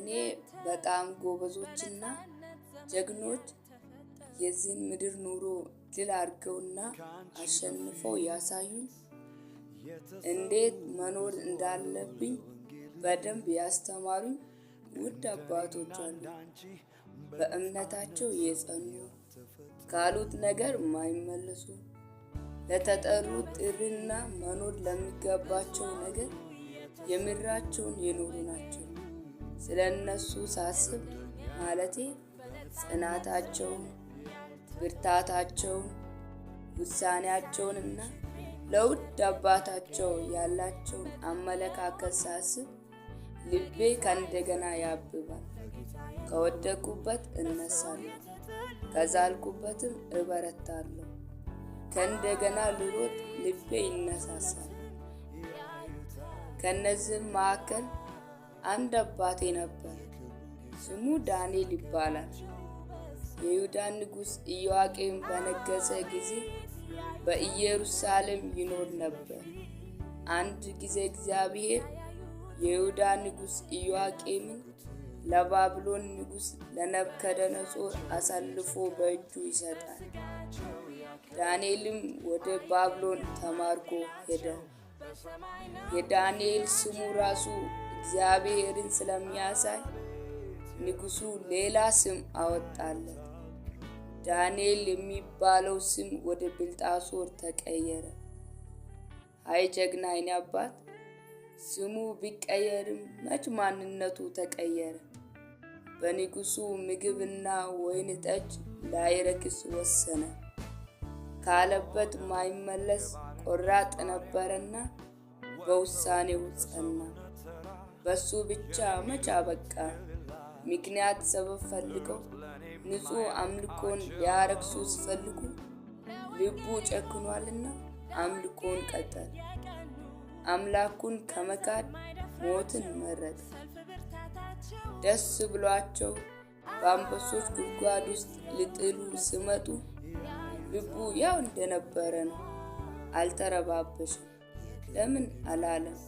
እኔ በጣም ጎበዞችና ጀግኖች የዚህን ምድር ኑሮ ድል አድርገውና አሸንፈው ያሳዩን እንዴት መኖር እንዳለብኝ በደንብ ያስተማሩኝ ውድ አባቶች አሉ። በእምነታቸው የጸኑ ካሉት ነገር ማይመለሱ ለተጠሩ ጥሪና መኖር ለሚገባቸው ነገር የምድራቸውን የኖሩ ናቸው። ስለ እነሱ ሳስብ ማለቴ ጽናታቸውን፣ ብርታታቸውን፣ ውሳኔያቸውንና ለውድ አባታቸው ያላቸውን አመለካከት ሳስብ ልቤ ከእንደገና ያብባል። ከወደቅኩበት እነሳለሁ፣ ከዛልኩበትም እበረታለሁ። ከእንደገና ልሮጥ ልቤ ይነሳሳል። ከእነዚህም መካከል አንድ አባቴ ነበር፣ ስሙ ዳንኤል ይባላል። የይሁዳ ንጉሥ ኢዮአቄም በነገሰ ጊዜ በኢየሩሳሌም ይኖር ነበር። አንድ ጊዜ እግዚአብሔር የይሁዳ ንጉሥ ኢዮአቄምን ለባብሎን ንጉሥ ለነብከደነጾር አሳልፎ በእጁ ይሰጣል። ዳንኤልም ወደ ባብሎን ተማርኮ ሄደ። የዳንኤል ስሙ ራሱ እግዚአብሔርን ስለሚያሳይ ንጉሱ ሌላ ስም አወጣለት። ዳንኤል የሚባለው ስም ወደ ብልጣሶር ተቀየረ። አይ ጀግና አይኔ አባት! ስሙ ቢቀየርም መች ማንነቱ ተቀየረ። በንጉሱ ምግብና ወይን ጠጅ ላይረክስ ወሰነ። ካለበት ማይመለስ ቆራጥ ነበረና በውሳኔው ጸና። በሱ ብቻ መቻ በቃ ምክንያት ሰበብ ፈልገው ንጹሕ አምልኮን ሊያረክሱ ሲፈልጉ ልቡ ጨክኗልና አምልኮን ቀጠል አምላኩን ከመካድ ሞትን መረጠ። ደስ ብሏቸው በአንበሶች ጉድጓድ ውስጥ ሊጥሉ ሲመጡ ልቡ ያው እንደነበረ ነው። አልተረባበሽም ለምን አላለም።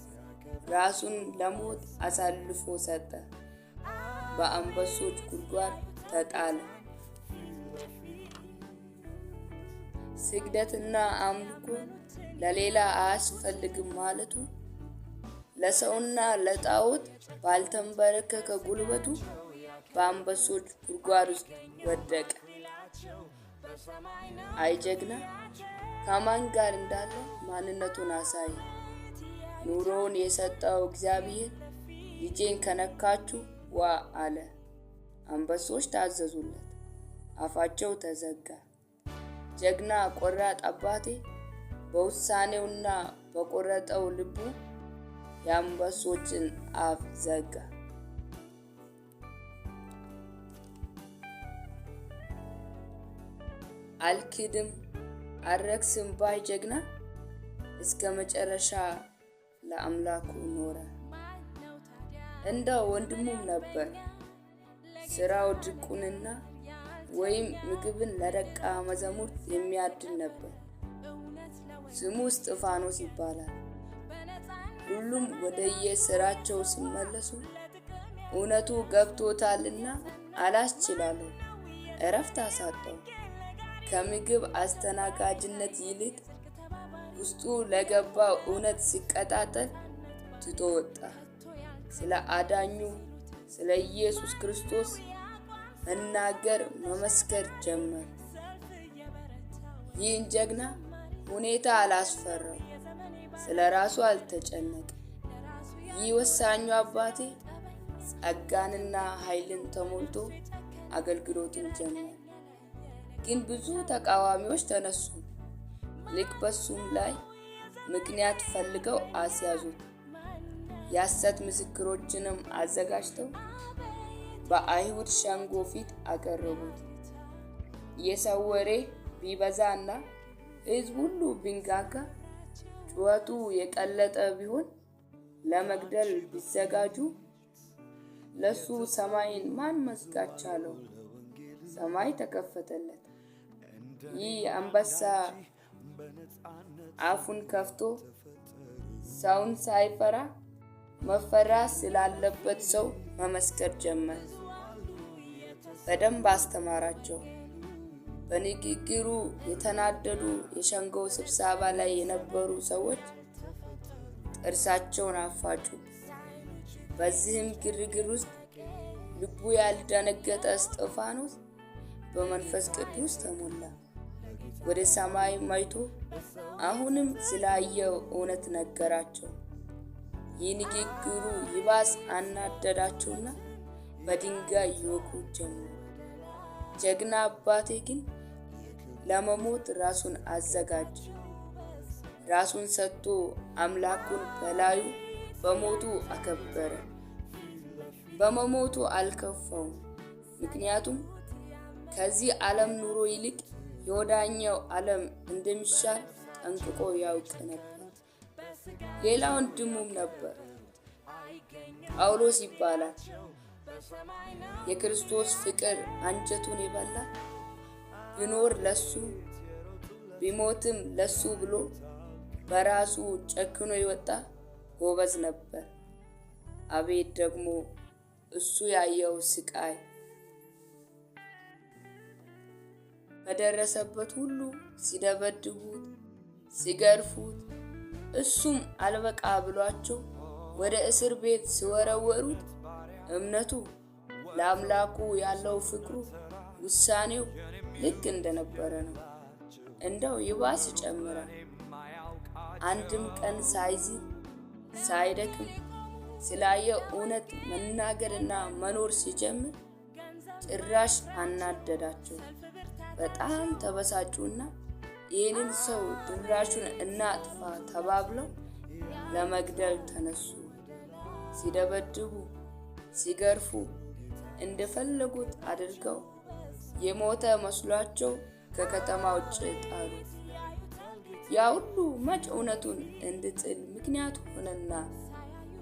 ራሱን ለሞት አሳልፎ ሰጠ፣ በአንበሶች ጉድጓድ ተጣለ። ስግደትና አምልኮ ለሌላ አያስፈልግም ማለቱ ለሰውና ለጣዖት ባልተንበረከከ ጉልበቱ በአንበሶች ጉድጓድ ውስጥ ወደቀ። አይጀግና? ከማን ጋር እንዳለ ማንነቱን አሳየ። ኑሮውን የሰጠው እግዚአብሔር ልጄን ከነካችሁ ዋ አለ። አንበሶች ታዘዙለት፣ አፋቸው ተዘጋ። ጀግና ቆራጥ አባቴ በውሳኔውና በቆረጠው ልቡ የአንበሶችን አፍ ዘጋ። አልክድም አረክስም ባይ ጀግና እስከ መጨረሻ ለአምላኩ ኖረ። እንደ ወንድሙም ነበር። ስራው ድቁንና ወይም ምግብን ለደቀ መዛሙርት የሚያድል ነበር። ስሙ እስጢፋኖስ ይባላል። ሁሉም ስራቸው ሲመለሱ እውነቱ ገብቶታልና አላስችላለሁ፣ እረፍት አሳጣው። ከምግብ አስተናጋጅነት ይልቅ ውስጡ ለገባ እውነት ሲቀጣጠል ትቶ ወጣ። ስለ አዳኙ ስለ ኢየሱስ ክርስቶስ መናገር መመስከር ጀመር። ይህን ጀግና ሁኔታ አላስፈራም ስለ ራሱ አልተጨነቀ። ይህ ወሳኙ አባቴ ጸጋንና ኃይልን ተሞልቶ አገልግሎትን ጀመር። ግን ብዙ ተቃዋሚዎች ተነሱ። ልክ በሱም ላይ ምክንያት ፈልገው አስያዙት። የሐሰት ምስክሮችንም አዘጋጅተው በአይሁድ ሸንጎ ፊት አቀረቡት። የሰው ወሬ ቢበዛና ሕዝብ ሁሉ ቢንጋጋ ጩኸቱ የቀለጠ ቢሆን ለመግደል ቢዘጋጁ ለሱ ሰማይን ማን መዝጋት ቻለው? ሰማይ ተከፈተለት። ይህ አንበሳ አፉን ከፍቶ ሰውን ሳይፈራ መፈራ ስላለበት ሰው መመስከር ጀመር በደንብ አስተማራቸው። በንግግሩ የተናደዱ የሸንጎው ስብሰባ ላይ የነበሩ ሰዎች ጥርሳቸውን አፋጩ። በዚህም ግርግር ውስጥ ልቡ ያልደነገጠ እስጢፋኖስ በመንፈስ ቅዱስ ተሞላ። ወደ ሰማይ ማይቶ አሁንም ስላየው እውነት ነገራቸው። ይህ ንግግሩ ይባስ አናደዳቸውና በድንጋይ ይወቁ ጀመሩ። ጀግና አባቴ ግን ለመሞት ራሱን አዘጋጀ። ራሱን ሰጥቶ አምላኩን በላዩ በሞቱ አከበረ። በመሞቱ አልከፋውም። ምክንያቱም ከዚህ ዓለም ኑሮ ይልቅ የወዳኛው ዓለም እንደሚሻል ጠንቅቆ ያውቅ ነበር። ሌላ ወንድሙም ነበር፣ ጳውሎስ ይባላል። የክርስቶስ ፍቅር አንጀቱን የበላ ቢኖር ለሱ ቢሞትም ለሱ ብሎ በራሱ ጨክኖ የወጣ ጎበዝ ነበር። አቤት ደግሞ እሱ ያየው ስቃይ! በደረሰበት ሁሉ ሲደበድቡት፣ ሲገርፉት እሱም አልበቃ ብሏቸው ወደ እስር ቤት ሲወረወሩት እምነቱ ለአምላኩ ያለው ፍቅሩ ውሳኔው ልክ እንደነበረ ነው። እንደው ይባስ ይጨምራል። አንድም ቀን ሳይዝል ሳይደክም ስላየ እውነት መናገርና መኖር ሲጀምር ጭራሽ አናደዳቸው። በጣም ተበሳጩና ይህንን ሰው ድራሹን እናጥፋ ተባብለው ለመግደል ተነሱ። ሲደበድቡ፣ ሲገርፉ እንደፈለጉት አድርገው የሞተ መስሏቸው ከከተማ ውጭ ጣሉ። ያ ሁሉ መች እውነቱን እንድጥል ምክንያት ሆነና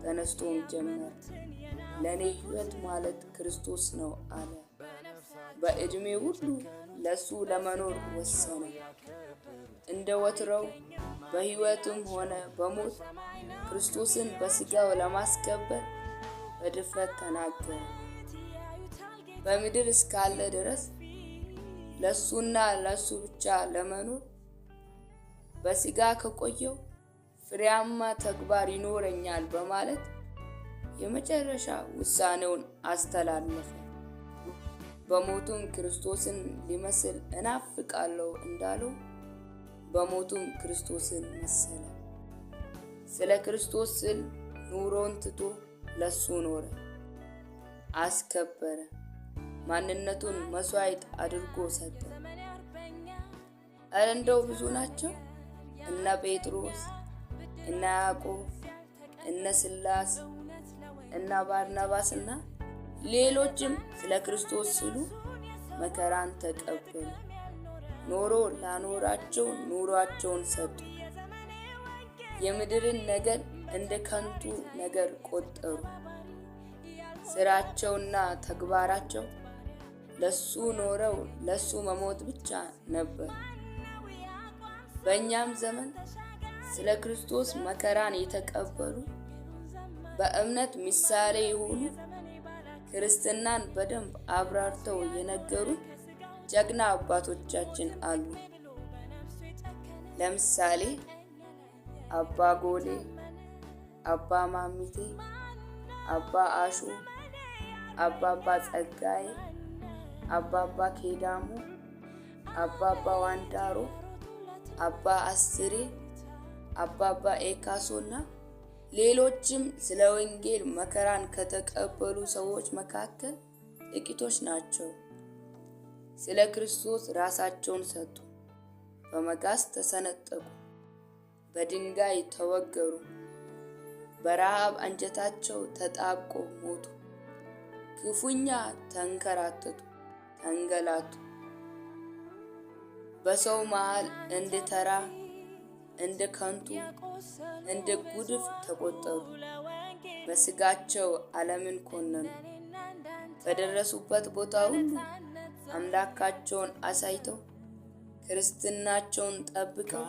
ተነስቶም ጀመር። ለእኔ ሕይወት ማለት ክርስቶስ ነው አለ። በዕድሜ ሁሉ ለሱ ለመኖር ወሰነ። እንደ ወትረው በሕይወትም ሆነ በሞት ክርስቶስን በሥጋው ለማስከበር በድፍረት ተናገረ። በምድር እስካለ ድረስ ለሱና ለሱ ብቻ ለመኖር በሥጋ ከቆየው ፍሬያማ ተግባር ይኖረኛል በማለት የመጨረሻ ውሳኔውን አስተላለፈ። በሞቱም ክርስቶስን ሊመስል እናፍቃለሁ እንዳሉ በሞቱም ክርስቶስን መሰለ። ስለ ክርስቶስ ስል ኑሮን ትቶ ለሱ ኖረ፣ አስከበረ፣ ማንነቱን መስዋዕት አድርጎ ሰጠ። እንደው ብዙ ናቸው እነ ጴጥሮስ፣ እነ ያዕቆብ፣ እነ ስላስ፣ እነ ባርናባስና ሌሎችም ስለ ክርስቶስ ሲሉ መከራን ተቀበሉ። ኖሮ ላኖራቸው ኑሯቸውን ሰጡ። የምድርን ነገር እንደ ከንቱ ነገር ቆጠሩ። ስራቸውና ተግባራቸው ለሱ ኖረው ለሱ መሞት ብቻ ነበር። በእኛም ዘመን ስለ ክርስቶስ መከራን የተቀበሉ በእምነት ምሳሌ የሆኑ ክርስትናን በደንብ አብራርተው የነገሩን ጀግና አባቶቻችን አሉ። ለምሳሌ አባ ጎሌ፣ አባ ማሚቴ፣ አባ አሹ፣ አባባ ጸጋዬ፣ አባባ ኬዳሙ፣ አባባ ዋንዳሮ፣ አባ አስሬ፣ አባባ ኤካሶና ሌሎችም ስለ ወንጌል መከራን ከተቀበሉ ሰዎች መካከል ጥቂቶች ናቸው። ስለ ክርስቶስ ራሳቸውን ሰጡ፣ በመጋዝ ተሰነጠቁ፣ በድንጋይ ተወገሩ፣ በረሃብ አንጀታቸው ተጣብቆ ሞቱ፣ ክፉኛ ተንከራተቱ፣ ተንገላቱ፣ በሰው መሃል እንደ ተራ እንደ ከንቱ እንደ ጉድፍ ተቆጠሩ። በስጋቸው ዓለምን ኮነኑ። በደረሱበት ቦታ ሁሉ አምላካቸውን አሳይተው ክርስትናቸውን ጠብቀው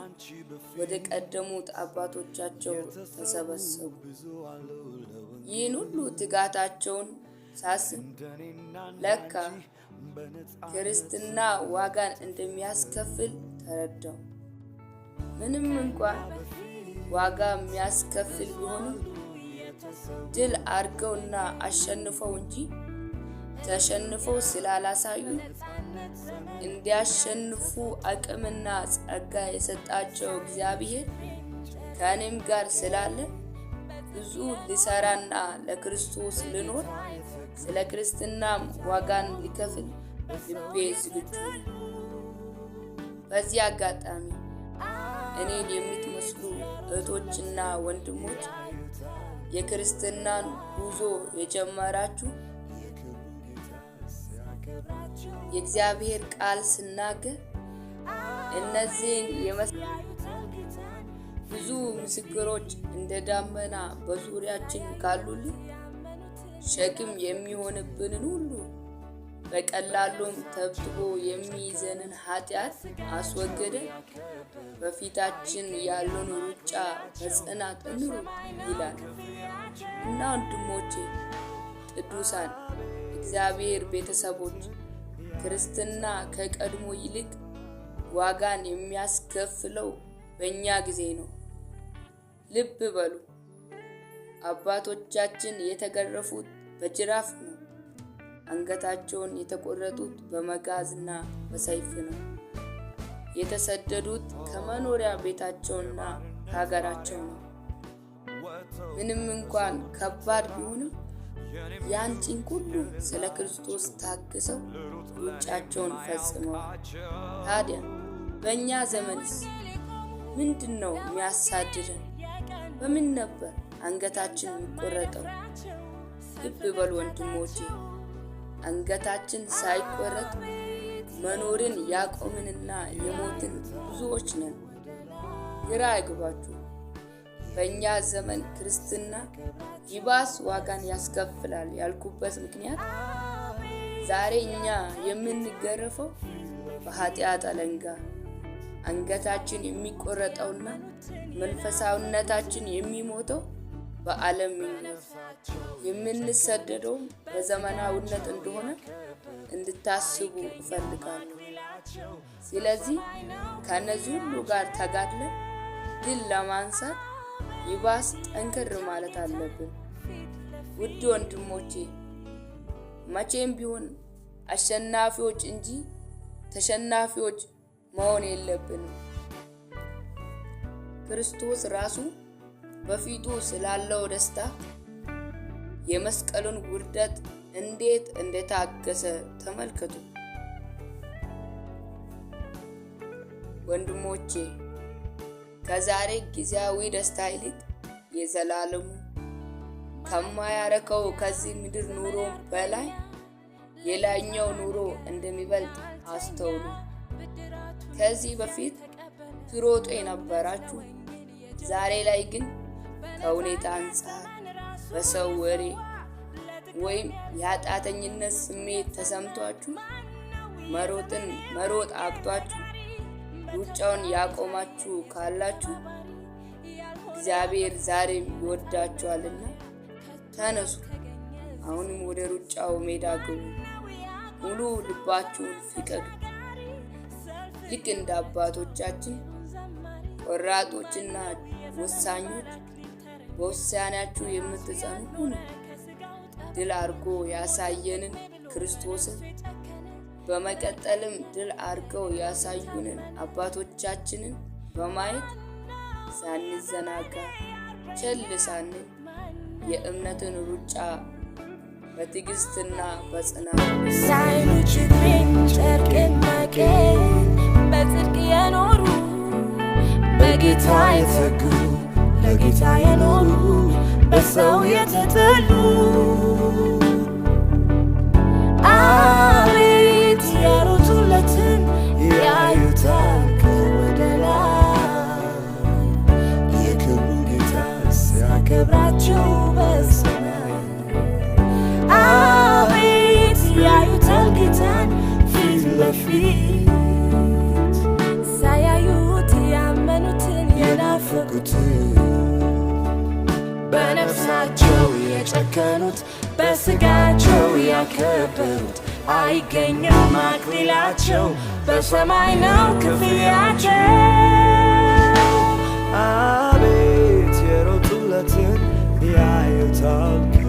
ወደ ቀደሙት አባቶቻቸው ተሰበሰቡ። ይህን ሁሉ ትጋታቸውን ሳስብ ለካ ክርስትና ዋጋን እንደሚያስከፍል ተረዳው። ምንም እንኳን ዋጋ የሚያስከፍል ቢሆንም ድል አድርገውና አሸንፈው እንጂ ተሸንፈው ስላላሳዩ እንዲያሸንፉ አቅምና ጸጋ የሰጣቸው እግዚአብሔር ከእኔም ጋር ስላለ ብዙ ሊሰራና ለክርስቶስ ልኖር ስለ ክርስትናም ዋጋን ሊከፍል ልቤ ዝግጁ በዚህ አጋጣሚ እኔን የምትመስሉ እህቶችና ወንድሞች የክርስትናን ጉዞ የጀመራችሁ የእግዚአብሔር ቃል ስናገር እነዚህን ብዙ ምስክሮች እንደ ዳመና በዙሪያችን ካሉልን ሸክም የሚሆንብንን ሁሉ በቀላሉም ተብትቦ የሚይዘንን ኃጢአት አስወገደ። በፊታችን ያለውን ሩጫ በጽናት እንሩ ይላል እና ወንድሞቼ ቅዱሳን እግዚአብሔር ቤተሰቦች ክርስትና ከቀድሞ ይልቅ ዋጋን የሚያስከፍለው በእኛ ጊዜ ነው። ልብ በሉ አባቶቻችን የተገረፉት በጅራፍ ነው። አንገታቸውን የተቆረጡት በመጋዝና በሰይፍ ነው። የተሰደዱት ከመኖሪያ ቤታቸውና ከሀገራቸው ነው። ምንም እንኳን ከባድ ቢሆንም ያን ሁሉ ስለ ክርስቶስ ታግሰው ሩጫቸውን ፈጽመዋል። ታዲያ በእኛ ዘመንስ ምንድን ነው የሚያሳድረን? በምን ነበር አንገታችን የሚቆረጠው? ልብ በል ወንድሞቼ። አንገታችን ሳይቆረጥ መኖርን ያቆምንና የሞትን ብዙዎች ነን። ግራ አይግባችሁ። በእኛ ዘመን ክርስትና ይባስ ዋጋን ያስከፍላል ያልኩበት ምክንያት ዛሬ እኛ የምንገረፈው በኃጢአት አለንጋ አንገታችን የሚቆረጠውና መንፈሳዊነታችን የሚሞተው በዓለም የምንሰደደውም በዘመናዊነት እንደሆነ እንድታስቡ እፈልጋለሁ። ስለዚህ ከእነዚህ ሁሉ ጋር ተጋድለን ድል ለማንሳት ይባስ ጠንክር ማለት አለብን። ውድ ወንድሞቼ መቼም ቢሆን አሸናፊዎች እንጂ ተሸናፊዎች መሆን የለብንም። ክርስቶስ ራሱ በፊቱ ስላለው ደስታ የመስቀሉን ውርደት እንዴት እንደታገሰ ተመልከቱ። ወንድሞቼ ከዛሬ ጊዜያዊ ደስታ ይልቅ የዘላለሙ ከማያረከው ከዚህ ምድር ኑሮ በላይ የላይኛው ኑሮ እንደሚበልጥ አስተውሉ። ከዚህ በፊት ትሮጡ የነበራችሁ ዛሬ ላይ ግን ከሁኔታ አንጻር በሰው ወሬ ወይም የኃጢአተኝነት ስሜት ተሰምቷችሁ መሮጥን መሮጥ አቅቷችሁ ሩጫውን ያቆማችሁ ካላችሁ እግዚአብሔር ዛሬም ይወዳችኋልና ተነሱ፣ አሁንም ወደ ሩጫው ሜዳ ግቡ። ሙሉ ልባችሁን ፍቀዱ። ልክ እንደ አባቶቻችን ቆራጦችና ወሳኞች በውሳኔያችሁ የምትጸኑ ሁኑ። ድል አድርጎ ያሳየንን ክርስቶስን በመቀጠልም ድል አድርገው ያሳዩንን አባቶቻችንን በማየት ሳንዘናጋ ቸል ሳንል የእምነትን ሩጫ በትዕግስትና በጽናት በጽድቅ የኖሩ በጌታ የተጉ በጌታ የኖሩ በሰው የተጠሉ አቤት ያሮጡለትን ያዩታል ከወደ ላይ የክብሩ ጌታ ሲያከብራቸው በሰማይ አቤት ያዩታል ጌታን ፊት ለፊት የተፈተኑት በስጋቸው ያከበሩት አይገኝም አክሊላቸው በሰማይ ነው ክፍያቸው። አቤት የሮጡለትን ያዩታል።